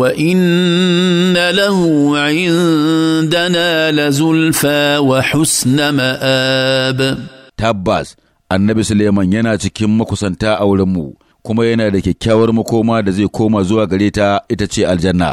وان له عندنا لزلفى وحسن مآب تباس annabi Suleiman yana cikin makusanta a wurinmu kuma yana da kyakkyawar makoma da zai koma zuwa gare ta ita ce aljanna